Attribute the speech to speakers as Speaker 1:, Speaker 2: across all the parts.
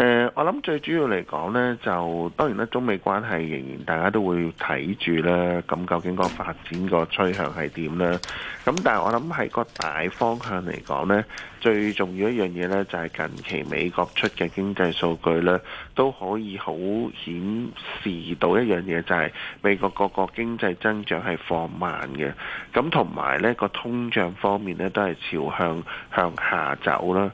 Speaker 1: 呃、我諗最主要嚟講呢，就當然啦，中美關係仍然大家都會睇住啦。咁究竟個發展個趨向係點呢？咁但我諗喺個大方向嚟講呢，最重要一樣嘢呢，就係近期美國出嘅經濟數據呢，都可以好顯示到一樣嘢，就係美國個個經濟增長係放慢嘅。咁同埋呢個通脹方面呢，都係朝向向下走啦。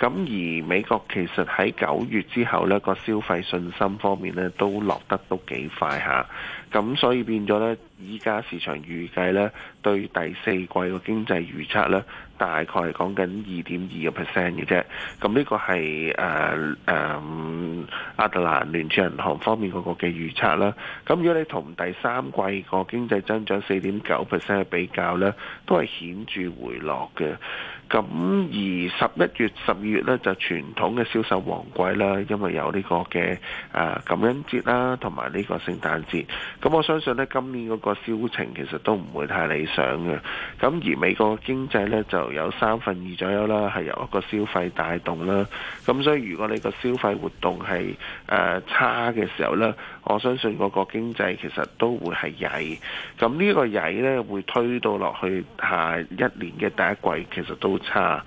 Speaker 1: 咁而美國其實喺九月之後呢、呢個消費信心方面呢，都落得都幾快下，咁、啊、所以變咗呢。依家市場預計呢，對第四季個經濟預測呢，大概係講緊二點二個 percent 嘅啫。咁呢個係誒誒亞特蘭聯儲銀行方面嗰個嘅預測啦。咁如果你同第三季個經濟增長四點九 percent 嘅比較呢，都係顯著回落嘅。咁而十一月、十二月呢，就傳統嘅銷售旺季啦，因為有呢個嘅誒、啊、感恩節啦，同埋呢個聖誕節。咁我相信呢，今年個。那個銷情其實都唔會太理想嘅，咁而美國經濟呢，就有三分二左右啦，係由一個消費帶動啦。咁所以如果你個消費活動係誒、呃、差嘅時候呢，我相信那個國經濟其實都會係曳。咁呢個曳呢，會推到落去下一年嘅第一季，其實都差。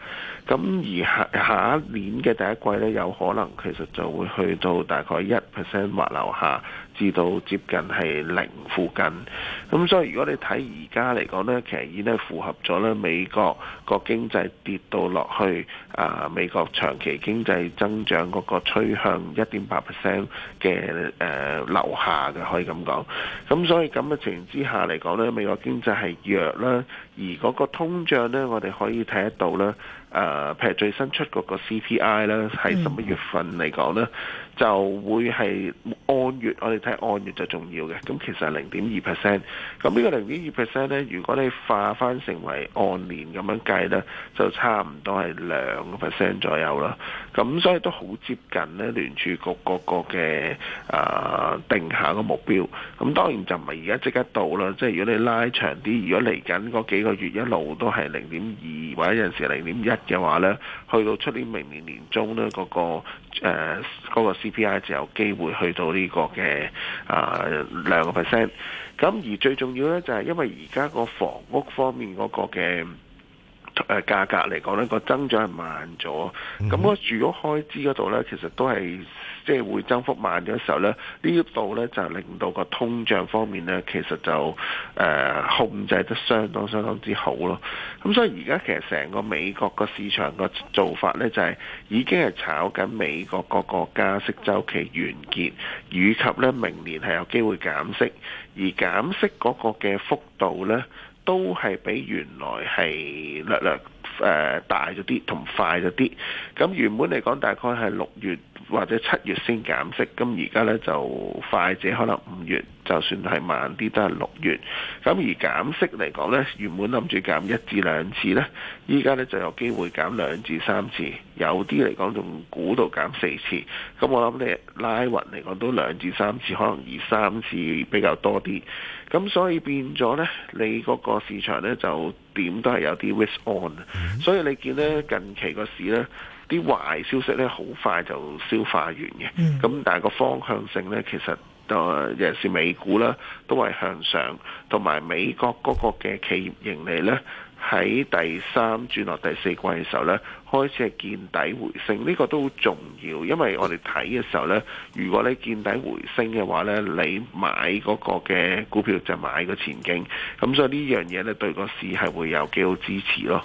Speaker 1: 咁而下下一年嘅第一季咧，有可能其實就會去到大概一 percent 或樓下，至到接近係零附近。咁所以如果你睇而家嚟講咧，其實已經符合咗咧美國個經濟跌到落去，啊美國長期經濟增長嗰個趨向一點八 percent 嘅誒樓下嘅，可以咁講，咁所以咁嘅情形之下嚟講咧，美國經濟係弱啦，而嗰個通脹咧，我哋可以睇得到咧。誒、呃，譬如最新出嗰個 CPI 咧，喺十一月份嚟講咧，嗯就會係按月，我哋睇按月就重要嘅。咁其實係零點二 percent。咁呢個零點二 percent 咧，如果你化翻成為按年咁樣計咧，就差唔多係兩個 percent 左右啦。咁所以都好接近咧聯儲局各個個嘅啊定下個目標。咁當然就唔係而家即刻到啦。即係如果你拉長啲，如果嚟緊嗰幾個月一路都係零點二或者有陣時零點一嘅話咧。去到出年明年明年，年中咧，嗰、那個誒、呃那個、CPI 就有機會去到呢個嘅啊兩個 percent。咁、呃、而最重要咧，就係因為而家個房屋方面嗰個嘅誒、呃、價格嚟講咧，個增長係慢咗。咁嗰住屋開支嗰度咧，其實都係。即係會增幅慢咗嘅時候呢，呢度呢就令到個通脹方面呢，其實就誒、呃、控制得相當相當之好咯。咁所以而家其實成個美國個市場個做法呢，就係、係、已經係炒緊美國各個加息週期完結，以及呢明年係有機會減息，而減息嗰個嘅幅度呢，都係比原來係略略。誒、呃、大咗啲，同快咗啲。咁原本嚟講，大概係六月或者七月先減息。咁而家咧就快，者可能五月。就算係慢啲，都係六月。咁而減息嚟講呢，原本諗住減一至兩次呢，依家呢就有機會減兩至三次。有啲嚟講仲估到減四次。咁我諗你拉勻嚟講都兩至三次，可能二三次比較多啲。咁所以變咗呢，你嗰個市場呢就點都係有啲 risk on。所以你見呢近期個市呢啲壞消息呢，好快就消化完嘅。咁但係個方向性呢，其實。尤其是美股啦，都係向上，同埋美國嗰個嘅企業盈利咧，喺第三轉落第四季嘅時候咧。開始係見底回升，呢個都好重要，因為我哋睇嘅時候呢，如果你見底回升嘅話呢，你買嗰個嘅股票就買個前景，咁所以呢樣嘢呢，對個市係會有幾好支持咯。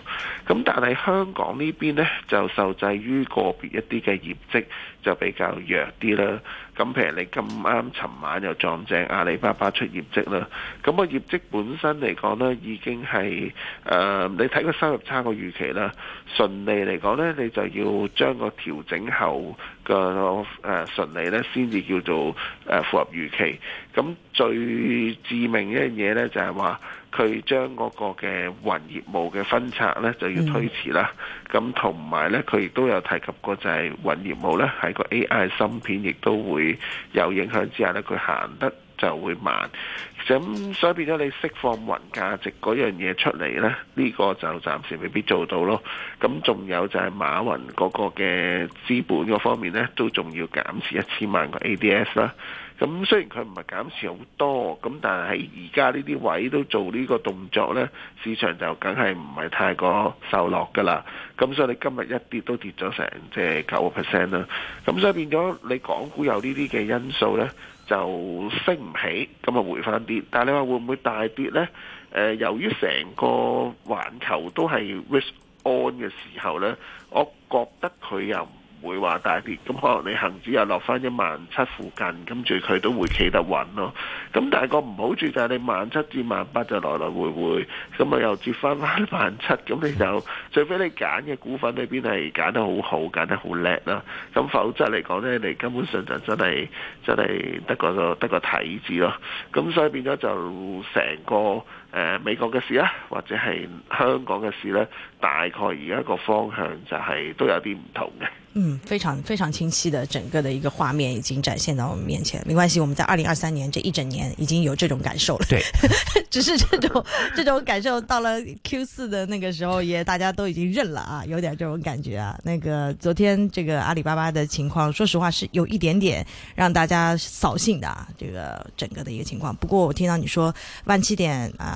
Speaker 1: 咁但係香港呢邊呢，就受制於個別一啲嘅業績就比較弱啲啦。咁譬如你咁啱尋晚又撞正阿里巴巴出業績啦，咁個業績本身嚟講呢，已經係誒你睇個收入差個預期啦，順利嚟嚟講咧，你就要將個調整後嘅誒順利咧，先至叫做誒符合預期。咁最致命一樣嘢咧，就係話佢將嗰個嘅雲業務嘅分拆咧，就要推遲啦。咁同埋咧，佢亦都有提及過，就係雲業務咧喺個 AI 芯片亦都會有影響之下咧，佢行得就會慢，咁所以變咗你釋放雲價值嗰樣嘢出嚟呢，呢、呢個就暫時未必做到咯。咁仲有就係馬雲嗰個嘅資本嗰方面呢，都仲要減持一千萬個 ADS 啦。咁雖然佢唔係減持好多，咁但係而家呢啲位都做呢個動作呢，市場就梗係唔係太過受落噶啦。咁所以你今日一跌都跌咗成即係九個 percent 啦。咁所以變咗你港股有呢啲嘅因素呢。就升唔起，咁啊回翻啲。但係你話會唔會大跌咧？誒，由於成個環球都係 risk on 嘅時候咧，我覺得佢又。唔會話大跌，咁可能你恒指又落翻一萬七附近，跟住佢都會企得穩咯。咁但係個唔好處就係你萬七至萬八就來來回回，咁啊又折翻翻一萬七，咁你就除非你揀嘅股份你裏邊係揀得好好，揀得好叻啦，咁否則嚟講呢，你根本上就真係真係得個就得個體字咯。咁所以變咗就成個。呃美國嘅事啦，或者係香港嘅事呢，大概而家個方向就係都有啲唔同嘅。嗯，
Speaker 2: 非常非常清晰的整個的一個畫面已經展現到我們面前。沒關係，我們在二零二三年這一整年已經有這種感受了。對， 只是這種這種感受到了 Q 四的那個時候，也大家都已經認了啊，有點這種感覺啊。那個昨天這個阿里巴巴的情況，說實話是有一點點讓大家掃興的啊。這個整個的一個情況，不過我聽到你說萬七點啊。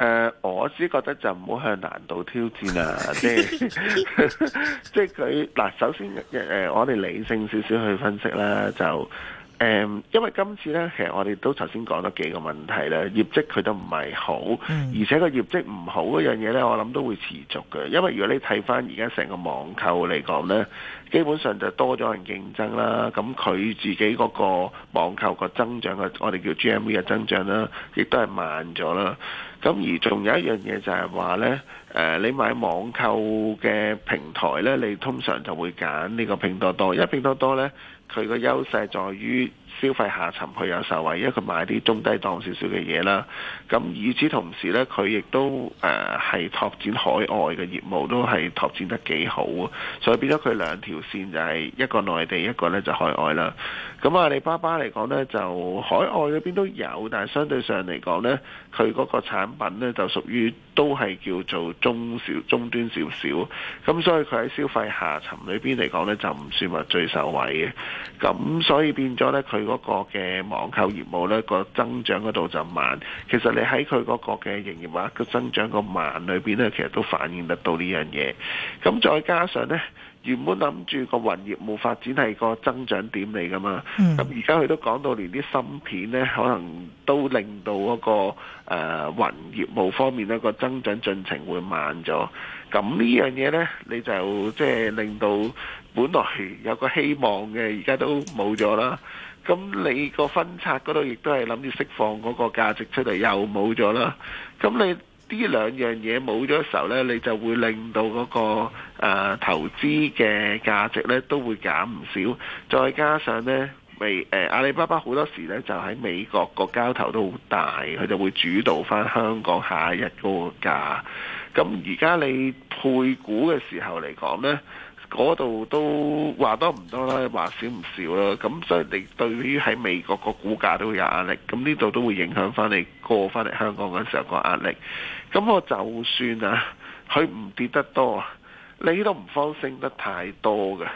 Speaker 1: 誒、uh，我只覺得就唔好向難度挑戰，就是， 啦，即係即係佢嗱。首先誒、呃，我哋理性少少去分析啦，就誒、嗯，因為今次咧，其實我哋都頭先講咗幾個問題啦。業績佢都唔係好，而且個業績唔好嗰樣嘢咧，我諗都會持續嘅。因為如果你睇翻而家成個網購嚟講咧，基本上就多咗人競爭啦。咁佢自己嗰個網購個增長嘅，我哋叫 GMV 嘅增長啦，亦都係慢咗啦。咁而仲有一樣嘢就係話咧。誒、呃，你買網購嘅平台呢，你通常就會揀呢個拼多多，因為拼多多呢，佢個優勢在於消費下沉佢有受惠，因為佢賣啲中低檔少少嘅嘢啦。咁與此同時呢，佢亦都誒係拓展海外嘅業務，都係拓展得幾好，所以變咗佢兩條線就係、是、一個內地，一個呢就海外啦。咁阿里巴巴嚟講呢，就海外嗰邊都有，但係相對上嚟講呢，佢嗰個產品呢，就屬於都係叫做，中小終端少少，咁所以佢喺消費下沉裏面嚟講呢，就唔算話最受惠嘅。咁所以變咗呢，佢嗰個嘅網購業務呢、呢個增長嗰度就慢。其實你喺佢嗰個嘅營業額嘅增長個慢裏邊呢，其實都反映得到呢樣嘢。咁再加上呢。原本諗住個雲業務發展係個增長點嚟㗎嘛，咁而家佢都講到連啲芯片呢，可能都令到嗰、那個誒雲、呃、業務方面呢個增長進程會慢咗。咁呢樣嘢呢，你就即係令到本來有個希望嘅，而家都冇咗啦。咁你個分拆嗰度亦都係諗住釋放嗰個價值出嚟，又冇咗啦。咁你。呢兩樣嘢冇咗嘅時候呢，你就會令到嗰、嗰個、誒、投資嘅價值呢都會減唔少。再加上呢，阿里巴巴好多時呢就喺美國個交投都好大，佢就會主導翻香港下一嗰個價。咁而家你配股嘅時候嚟講呢，嗰度都話多唔多啦，話少唔少啦。咁所以你對於喺美國個股價都會有壓力，咁呢度都會影響翻你過返嚟香港嗰時候個壓力。咁我就算啊，佢唔跌得多，你都唔方升得太多㗎。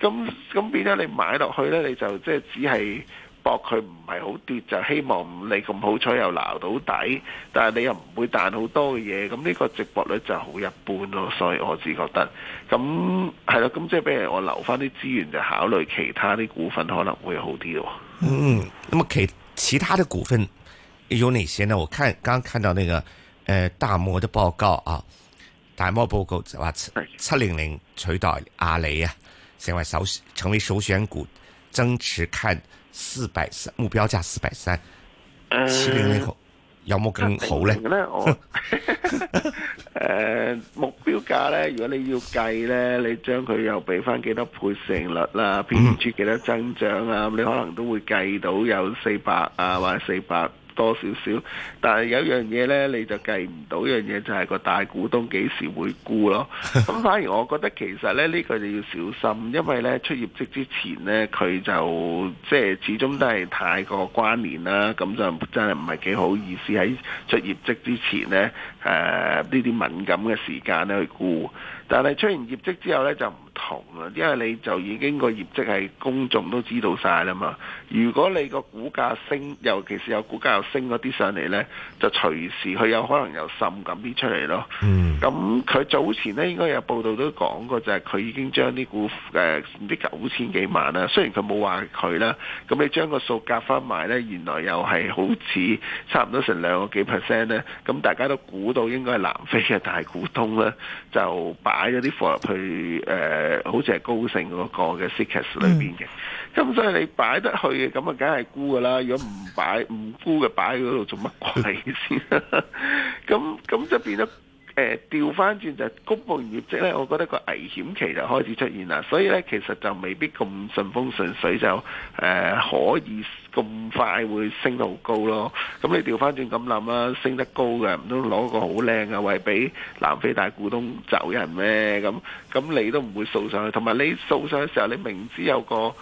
Speaker 1: 咁咁，變咗你買落去呢，你就即係只係博佢唔係好跌，就希望你咁好彩又撈到底，但係你又唔會彈好多嘅嘢。咁呢個值博率就好一般咯。所以我只覺得，咁係喇，咁即係譬如我留翻啲資源就考慮其他啲股份可能會好啲咯。嗯，咁其其他的股份有哪些呢？我看剛剛看到那個。誒、呃，大摩的報告啊，大摩報告就話七零零取代阿里啊，成為首成為首選股，增持看四百三，目標價四百三，七零零好，有冇更好咧？誒，目標價咧，如果你要計咧，你將佢又俾翻幾多倍成率啦、啊，編註幾多增長啊、嗯，你可能都會計到有四百啊，或者四百。多少少，但係有樣嘢呢，你就計唔到樣嘢，就係、是、個大股東幾時會沽咯。咁反而我覺得其實呢，呢、這個就要小心，因為呢出業績之前呢，佢就即係、就是、始終都係太過關聯啦。咁就真係唔係幾好意思喺出業績之前呢，呢、呃、啲敏感嘅時間呢去沽。但係出完業績之後咧就唔同啦，因為你就已經個業績係公眾都知道晒啦嘛。如果你個股價升，尤其是有股價又升嗰啲上嚟咧，就隨時佢有可能又滲咁啲出嚟咯。咁、mm. 佢早前咧應該有報道都講過，就係佢已經將啲股誒啲九千幾萬啦。雖然佢冇話佢啦，咁你將個數夾翻埋咧，原來又係好似差唔多成兩個幾 percent 咧。咁大家都估到應該係南非嘅大股東啦，就擺嗰啲貨入去，誒、呃，好似係高盛嗰個嘅 seekers 裏邊嘅，咁、嗯、所以你擺得去嘅，咁啊，梗係沽噶啦。如果唔擺，唔沽嘅，擺喺嗰度做乜鬼先？咁咁就變得。誒調翻轉就公布業績咧，我覺得個危險期就開始出現啦。所以咧，其實就未必咁順風順水就誒可以咁快會升到好高咯。咁你調翻轉咁諗啦，升得高嘅唔通攞個好靚嘅位俾南非大股東走人咩？咁咁你都唔會掃上去，同埋你掃上去嘅時候，你明知有個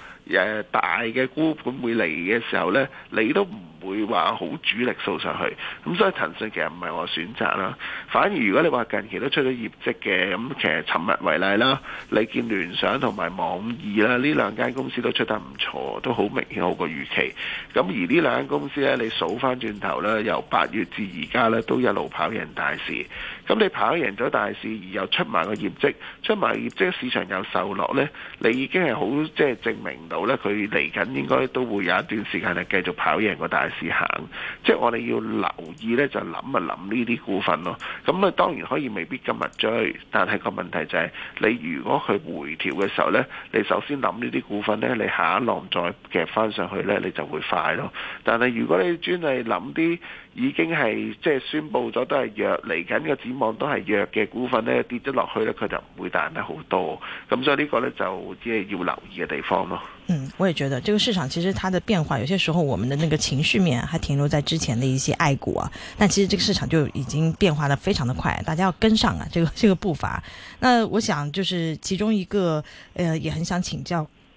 Speaker 1: 大嘅股本會嚟嘅時候呢，你都唔會話好主力掃上去。咁所以騰訊其實唔係我選擇啦。反而如果你話近期都出咗業績嘅，咁其實尋日為例啦，你見聯想同埋網易啦，呢兩間公司都出得唔錯，都好明顯好過預期。咁而呢兩間公司呢，你數翻轉頭啦，由八月至而家呢，都一路跑贏大市。咁你跑贏咗大市，而又出埋個業績，出埋業績，市場又受落呢？你已經係好即係證明到呢，佢嚟緊應該都會有一段時間係繼續跑贏個大市行。即係我哋要留意呢，就諗啊諗呢啲股份咯。咁啊當然可以未必今日追，但係個問題就係、是、你如果佢回調嘅時候呢，你首先諗呢啲股份呢，你下一浪再夾返上去呢，你就會快咯。但係如果你專係諗啲，已經係即係宣布咗，都係弱，嚟緊嘅展望都係弱嘅股份咧跌咗落去咧，佢就唔會彈得好多，咁所以這個呢個咧就即係要留意嘅地
Speaker 2: 方咯。嗯，我也覺得，這個市場其實它的變化，有些時候我們的那個情緒面還停留在之前的一些愛股啊，但其實這個市場就已經變化得非常的快，大家要跟上啊，這個這個步伐。那我想就是其中一個，呃，也很想請教。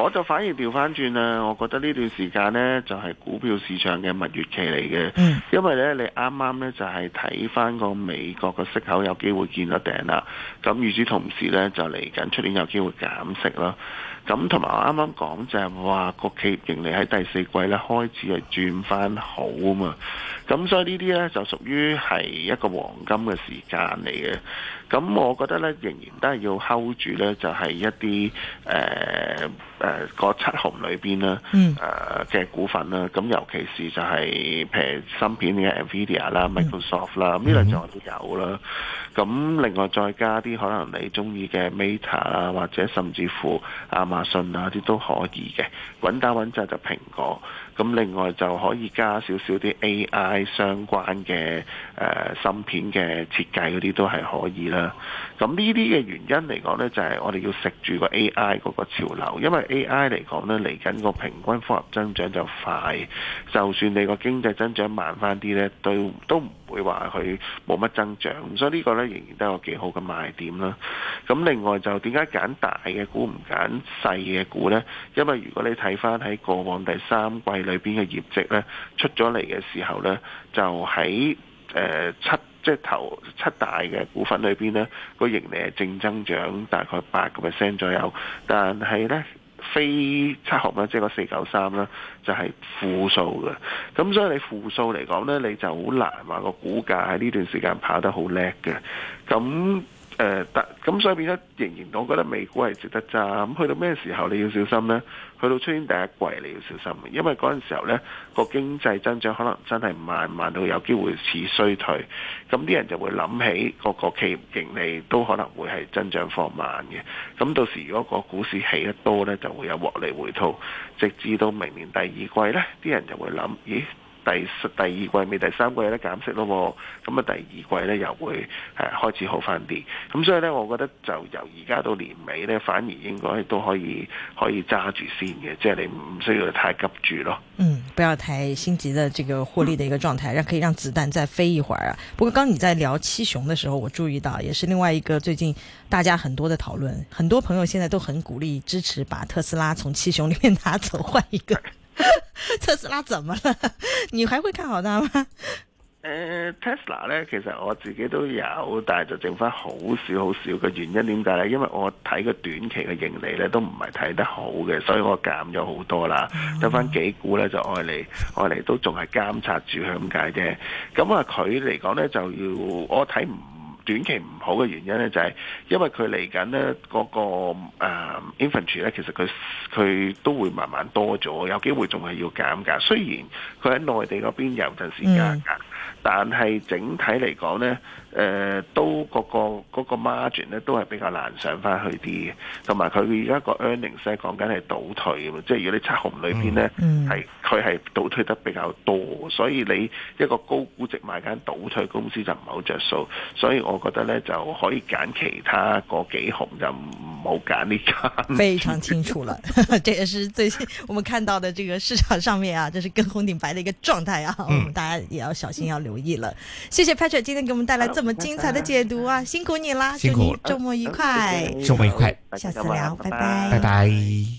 Speaker 1: 我就反而調翻轉啦，我覺得呢段時間呢，就係、是、股票市場嘅蜜月期嚟嘅，mm. 因為呢，你啱啱呢，就係睇翻個美國個息口有機會見到頂啦，咁與此同時呢，就嚟緊出年有機會減息啦，咁同埋我啱啱講就係話個企業盈利喺第四季呢開始係轉翻好啊嘛，咁所以呢啲呢，就屬於係一個黃金嘅時間嚟嘅，咁我覺得呢，仍然都係要 hold 住呢，就係、是、一啲誒。呃誒、呃、個七雄裏邊啦，嘅、呃、股份啦，咁、mm. 尤其是就係譬如芯片嘅 Nvidia 啦、mm.、Microsoft 啦，呢兩隻就都有啦。咁另外再加啲可能你中意嘅 Meta 啊，或者甚至乎亞馬遜啊啲都可以嘅，穩打穩紮就蘋果。咁另外就可以加少少啲 AI 相關嘅、呃、芯片嘅設計嗰啲都係可以啦。咁呢啲嘅原因嚟講咧，就係我哋要食住個 AI 嗰個潮流，因為 AI 嚟講咧嚟緊個平均複合增長就快，就算你個經濟增長慢翻啲咧，都都唔。會話佢冇乜增長，所以呢個呢仍然都有幾好嘅賣點啦。咁另外就點解揀大嘅股唔揀細嘅股呢？因為如果你睇翻喺過往第三季裏面嘅業績呢，出咗嚟嘅時候呢，就喺、呃、七即係頭七大嘅股份裏面呢，個盈利係正增長大概八個 percent 左右，但係呢。非七毫蚊，即係個四九三啦，就係負數嘅。咁所以你負數嚟講咧，你就好難話個股價喺呢段時間跑得好叻嘅。咁誒、呃，但咁所以變咗，仍然我覺得美股係值得揸。去到咩時候你要小心呢？去到出年第一季你要小心，因為嗰陣時候呢、嗰個經濟增長可能真係慢慢到有機會似衰退，咁啲人就會諗起個、嗰個企業盈利都可能會係增長放慢嘅。咁到時如果個股市起得多呢，就會有獲利回吐，直至到明年第二季呢，啲人就會諗，咦？第第二季未，第三季咧減息咯，咁啊第二季咧又會、哎、開始好翻啲，咁、嗯、所以咧，我覺得就由而家到年尾咧，反而應該都可以可以揸住先嘅，即係你唔需要太急住咯。
Speaker 2: 嗯，不要太心急的，這個獲利的一個狀態、嗯，讓可以讓子彈再飛一會兒啊。不過剛你在聊七雄的時候，我注意到也是另外一個最近大家很多的討論，很多朋友現在都很鼓勵支持把特斯拉從七雄裏面拿走，換一個。Tesla 怎麼啦？你還會看好它嗎？誒
Speaker 1: ，Tesla 咧，其實我自己都有，但係就剩翻好少好少，嘅原因點解咧？因為我睇個短期嘅盈利咧，都唔係睇得好嘅，所以我減咗好多啦。得、嗯、翻幾股咧，就愛嚟愛嚟都仲係監察住佢咁解啫。咁啊，佢嚟講咧就要我睇唔。短期唔好嘅原因咧，就係因為佢嚟緊咧嗰個 inventory 咧，其實佢佢都會慢慢多咗，有機會仲係要減價，雖然佢喺內地嗰邊有陣時加價。嗯但係整體嚟講呢，誒、呃，都個嗰個 margin 呢都係比較難上翻去啲，同埋佢而家個 earnings 呢講緊係倒退，即係如果你七紅裏邊呢，係佢係倒退得比較多，所以你一個高估值買間倒退公司就唔好着數，所以我覺得呢就可以揀其他個幾紅，就唔好揀呢間。非常清楚
Speaker 2: 啦， 這也是最近我們看到的這個市場上面啊，就是跟紅頂白的一個狀態啊，我、嗯、們大家也要小心要留意了，謝謝 Patrick 今天給我們帶來這麼精彩的解讀啊，辛苦你啦，辛苦，祝你周末愉快，周末愉快，下次聊，拜拜，拜拜。
Speaker 1: 拜拜。